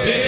Amen.